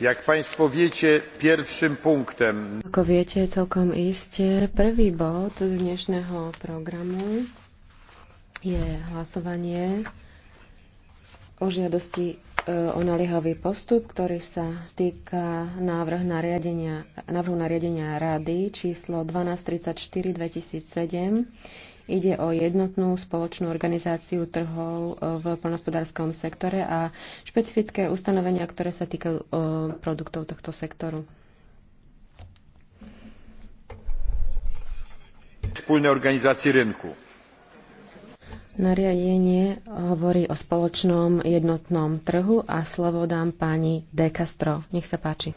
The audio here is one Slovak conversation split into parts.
Jak Państwo pierwszym punktem... Ako viete, celkom iste, prvý bod dnešného programu je hlasovanie o žiadosti o naliehavý postup, ktorý sa týka návrh nariadenia, návrhu nariadenia Rady číslo 1234-2007. Ide o jednotnú spoločnú organizáciu trhov v plnospodárskom sektore a špecifické ustanovenia, ktoré sa týkajú produktov tohto sektoru. Wspólne organizácii rynku. Nariadenie hovorí o spoločnom jednotnom trhu a slovo dám pani De Castro. Nech sa páči.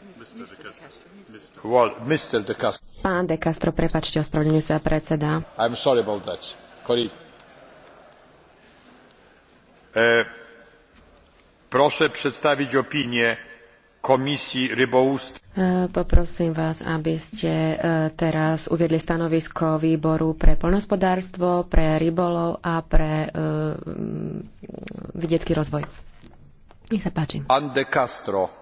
Pán De Castro, prepačte, ospravedlňujem sa predseda. I'm sorry about that. Colleague. E, proszę przedstawić Komisii rybolovstva. E, poprosím vás, aby ste e, teraz uviedli stanovisko výboru pre poľnohospodárstvo, pre rybolov a pre uh, vidiecký rozvoj. Nech sa páči. Ande Castro.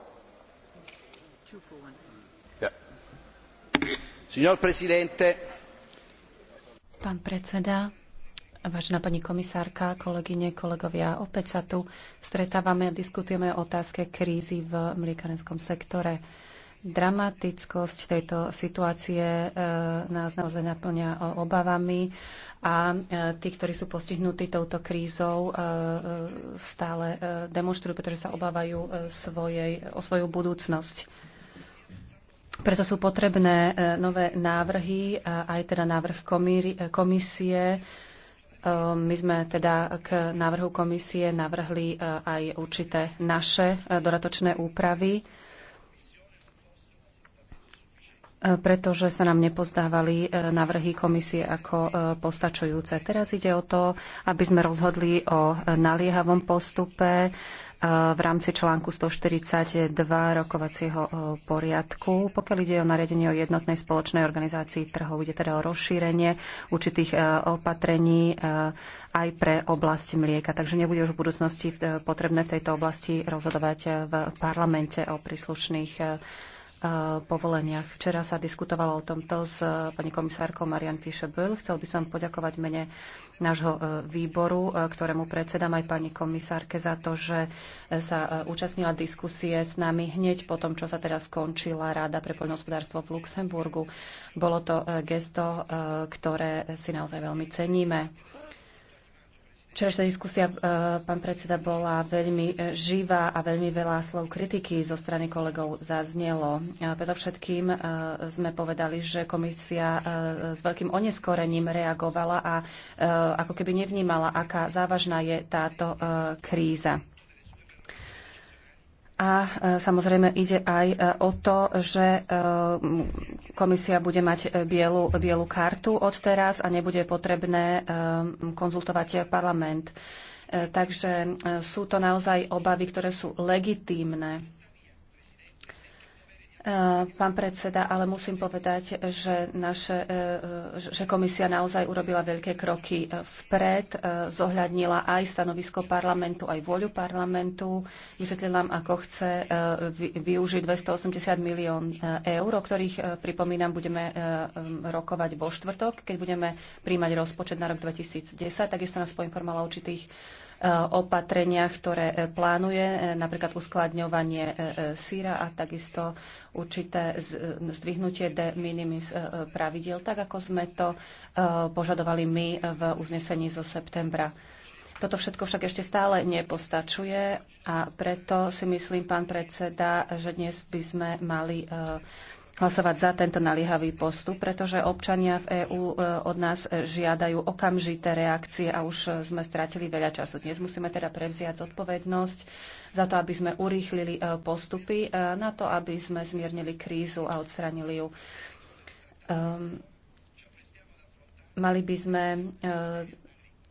Signor Presidente. Pán predseda, Vážená pani komisárka, kolegyne, kolegovia, opäť sa tu stretávame a diskutujeme o otázke krízy v mliekarenskom sektore. Dramatickosť tejto situácie e, nás naozaj naplňa e, obavami a e, tí, ktorí sú postihnutí touto krízou, stále demonstrujú, pretože sa obávajú svojej, o svoju budúcnosť. Preto sú potrebné nové návrhy, aj teda návrh komisie, E, my sme teda k návrhu komisie navrhli e, aj určité naše e, doratočné úpravy, pretože sa nám nepozdávali návrhy komisie ako postačujúce. Teraz ide o to, aby sme rozhodli o naliehavom postupe E, v rámci článku 142 rokovacieho e, poriadku. Pokiaľ ide o nariadenie o jednotnej spoločnej organizácii trhov, ide teda o rozšírenie určitých e, opatrení aj pre oblasti mlieka. Takže nebude už v budúcnosti potrebné v tejto oblasti rozhodovať v parlamente o príslušných povoleniach. Včera sa diskutovalo o tomto s e, pani komisárkou Marian Fischer-Böll. Chcel by som poďakovať mene nášho e, výboru, e, ktorému predsedám aj pani komisárke za to, že sa účastnila diskusie s nami hneď po tom, čo sa teda skončila Rada pre poľnohospodárstvo v Luxemburgu. Bolo to gesto, ktoré si naozaj veľmi ceníme. Včerajšia diskusia, e, pán predseda, bola veľmi živá a veľmi veľa slov kritiky zo strany kolegov zaznelo. Predovšetkým e, sme povedali, že komisia e, s veľkým oneskorením reagovala a ako keby nevnímala, aká závažná je táto kríza. A e, samozrejme ide aj e, o to, že e, komisia bude mať bielu, bielu kartu od teraz a nebude potrebné konzultovať parlament. Takže sú to naozaj obavy, ktoré sú legitímne. E, pán predseda, ale musím povedať, že, naše, e, e, že komisia naozaj urobila veľké kroky vpred, zohľadnila aj stanovisko parlamentu, aj voľu parlamentu. Vysvetlila nám, ako chce využiť 280 milión eur, o ktorých, pripomínam, budeme rokovať vo štvrtok, keď budeme príjmať rozpočet na rok 2010. Takisto nás poinformovala o určitých Eh, opatreniach, ktoré eh, plánuje, eh, napríklad uskladňovanie síra a takisto určité zdvihnutie de minimis pravidiel, tak ako sme to požadovali my v uznesení zo septembra. Toto všetko však ešte stále nepostačuje a preto si myslím, pán predseda, že dnes by sme mali hlasovať za tento naliehavý postup, pretože občania v EÚ e, od nás e, žiadajú okamžité reakcie a už e, sme stratili veľa času. Dnes musíme teda prevziať zodpovednosť za to, aby sme urýchlili postupy, na to, aby sme zmiernili krízu a odstranili ju. Um, mali by sme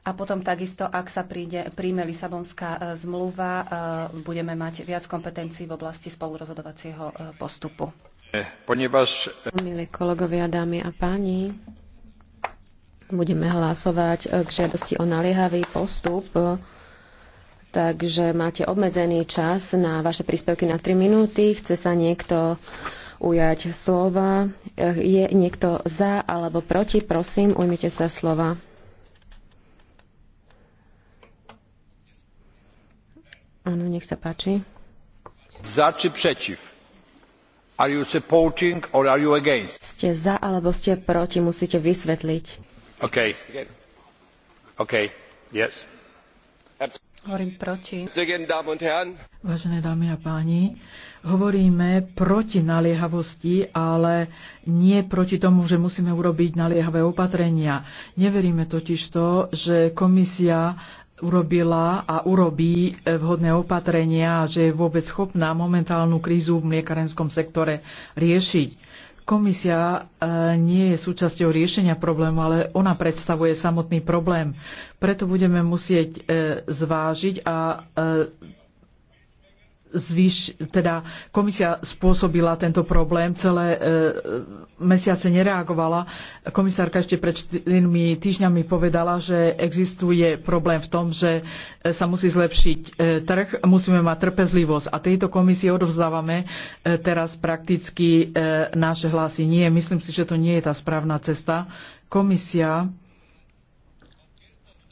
a potom takisto, ak sa príde, príjme Lisabonská zmluva, budeme mať viac kompetencií v oblasti spolurozhodovacieho postupu. Milí kolegovia, dámy a páni, budeme hlasovať k žiadosti o naliehavý postup, takže máte obmedzený čas na vaše príspevky na 3 minúty. Chce sa niekto ujať slova? Je niekto za alebo proti? Prosím, ujmite sa slova. Áno, nech sa páči. Za či pretiv? Are you supporting or are you against? Ste za alebo ste proti, musíte vysvetliť. OK. OK. Yes. Hovorím proti. Vážené dámy a páni, hovoríme proti naliehavosti, ale nie proti tomu, že musíme urobiť naliehavé opatrenia. Neveríme totiž to, že komisia urobila a urobí e, vhodné opatrenia, že je vôbec schopná momentálnu krízu v mliekarenskom sektore riešiť. Komisia e, nie je súčasťou riešenia problému, ale ona predstavuje samotný problém. Preto budeme musieť e, zvážiť a teda komisia spôsobila tento problém, celé e, mesiace nereagovala. Komisárka ešte pred 4 týždňami povedala, že existuje problém v tom, že e, sa musí zlepšiť e, trh, musíme mať trpezlivosť. A tejto komisii odovzdávame e, teraz prakticky e, naše hlasy. Nie, myslím si, že to nie je tá správna cesta. Komisia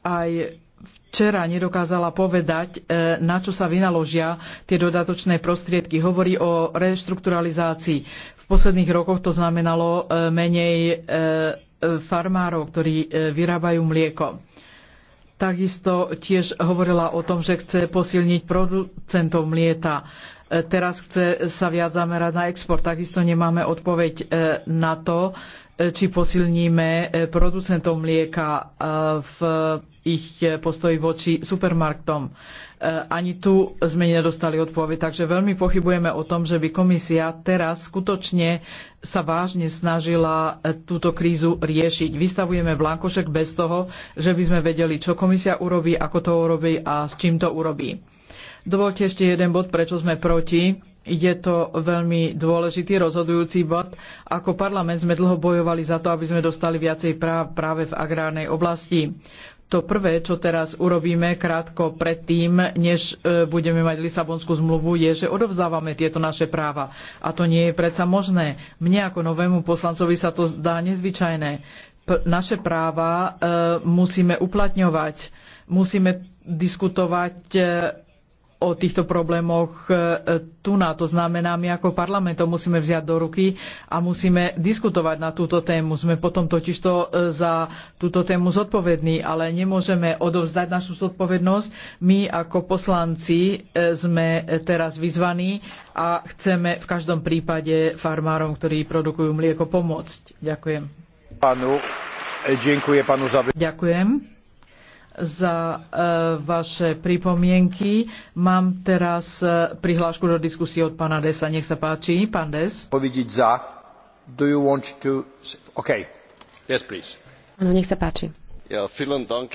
aj včera nedokázala povedať, e, na čo sa vynaložia tie dodatočné prostriedky. Hovorí o reštrukturalizácii. V posledných rokoch to znamenalo e, menej e, farmárov, ktorí vyrábajú mlieko. Takisto tiež hovorila o tom, že chce posilniť producentov mlieta. Teraz chce sa viac zamerať na export. Takisto nemáme odpoveď na to, či posilníme producentov mlieka v ich e, postoj voči supermarktom. E, ani tu sme nedostali odpoveď, takže veľmi pochybujeme o tom, že by komisia teraz skutočne sa vážne snažila e, túto krízu riešiť. Vystavujeme blankošek bez toho, že by sme vedeli, čo komisia urobí, ako to urobí a s čím to urobí. Dovolte ešte jeden bod, prečo sme proti je to veľmi dôležitý, rozhodujúci bod. Ako parlament sme dlho bojovali za to, aby sme dostali viacej práv práve v agrárnej oblasti to prvé, čo teraz urobíme krátko predtým, než e, budeme mať Lisabonskú zmluvu, je, že odovzdávame tieto naše práva. A to nie je predsa možné. Mne ako novému poslancovi sa to zdá nezvyčajné. naše práva e, musíme uplatňovať, musíme diskutovať e, o týchto problémoch e, e, tu na. To znamená, my ako parlament to musíme vziať do ruky a musíme diskutovať na túto tému. Sme potom totižto e, za túto tému zodpovední, ale nemôžeme odovzdať našu zodpovednosť. My ako poslanci sme teraz vyzvaní a chceme v každom prípade farmárom, ktorí produkujú mlieko, pomôcť. Ďakujem. Panu, ďakujem, panu za... ďakujem za e, vaše pripomienky. Mám teraz e, prihlášku do diskusie od pána Desa. Nech sa páči, pán Des. za. Do you want to... OK. Yes, please. nech sa páči. Ja, dank,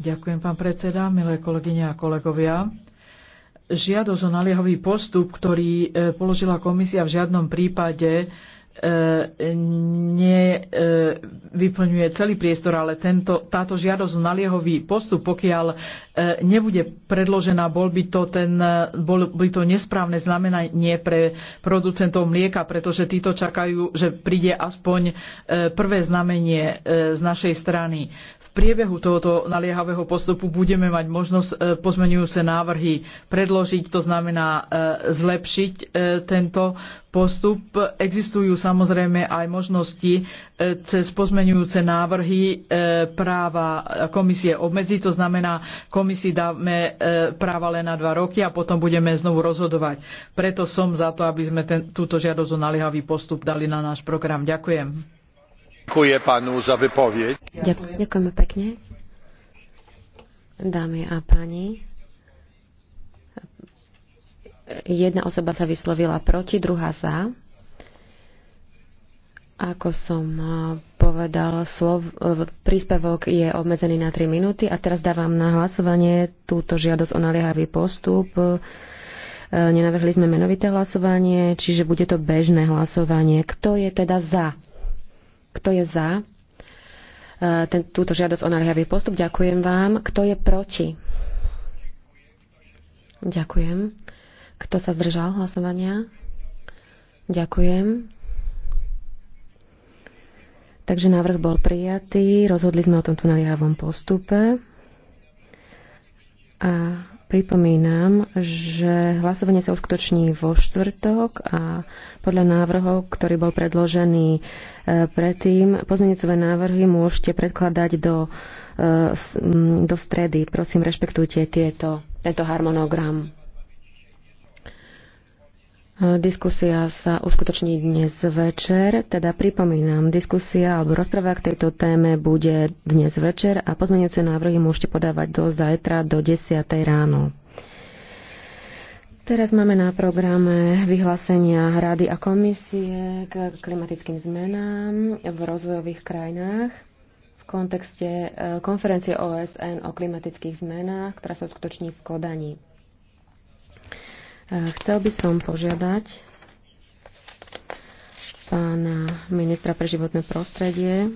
Ďakujem, pán predseda, milé kolegyne a kolegovia. Žiadosť o naliehavý postup, ktorý e, položila komisia v žiadnom prípade nevyplňuje e, celý priestor, ale tento, táto žiadosť o naliehový postup, pokiaľ e, nebude predložená, bol by to, ten, e, bol by to nesprávne znamenanie pre producentov mlieka, pretože títo čakajú, že príde aspoň prvé znamenie z našej strany priebehu tohoto naliehavého postupu budeme mať možnosť e, pozmenujúce návrhy predložiť, to znamená e, zlepšiť e, tento postup. Existujú samozrejme aj možnosti cez pozmenujúce návrhy práva komisie obmedziť, to znamená komisii dáme práva len na dva roky a potom budeme znovu rozhodovať. Preto som za to, aby sme ten, túto žiadosť o naliehavý postup dali na náš program. Ďakujem. Ďakujem pánu za vypovieď. Ďakujeme pekne. Dámy a páni, jedna osoba sa vyslovila proti, druhá za. Ako som povedal, slov, e, príspevok je obmedzený na 3 minúty a teraz dávam na hlasovanie túto žiadosť o naliehavý postup. E, nenavrhli sme menovité hlasovanie, čiže bude to bežné hlasovanie. Kto je teda za? Kto je za e, ten, túto žiadosť o naliehavý postup? Ďakujem vám. Kto je proti? Ďakujem. Kto sa zdržal hlasovania? Ďakujem. Takže návrh bol prijatý. Rozhodli sme o tomto naliehavom postupe. A Pripomínam, že hlasovanie sa uskutoční vo štvrtok a podľa návrhov, ktorý bol predložený e, predtým, pozmenicové návrhy môžete predkladať do, e, do stredy. Prosím, rešpektujte tieto, tento harmonogram. Eh, diskusia sa uskutoční dnes večer, teda pripomínam, diskusia alebo rozpráva k tejto téme bude dnes večer a pozmeňujúce návrhy môžete podávať do zajtra do 10. ráno. Teraz máme na programe vyhlásenia Rady a komisie k klimatickým zmenám v rozvojových krajinách v kontekste eh, konferencie OSN o klimatických zmenách, ktorá sa uskutoční v Kodani. Chcel by som požiadať pána ministra pre životné prostredie,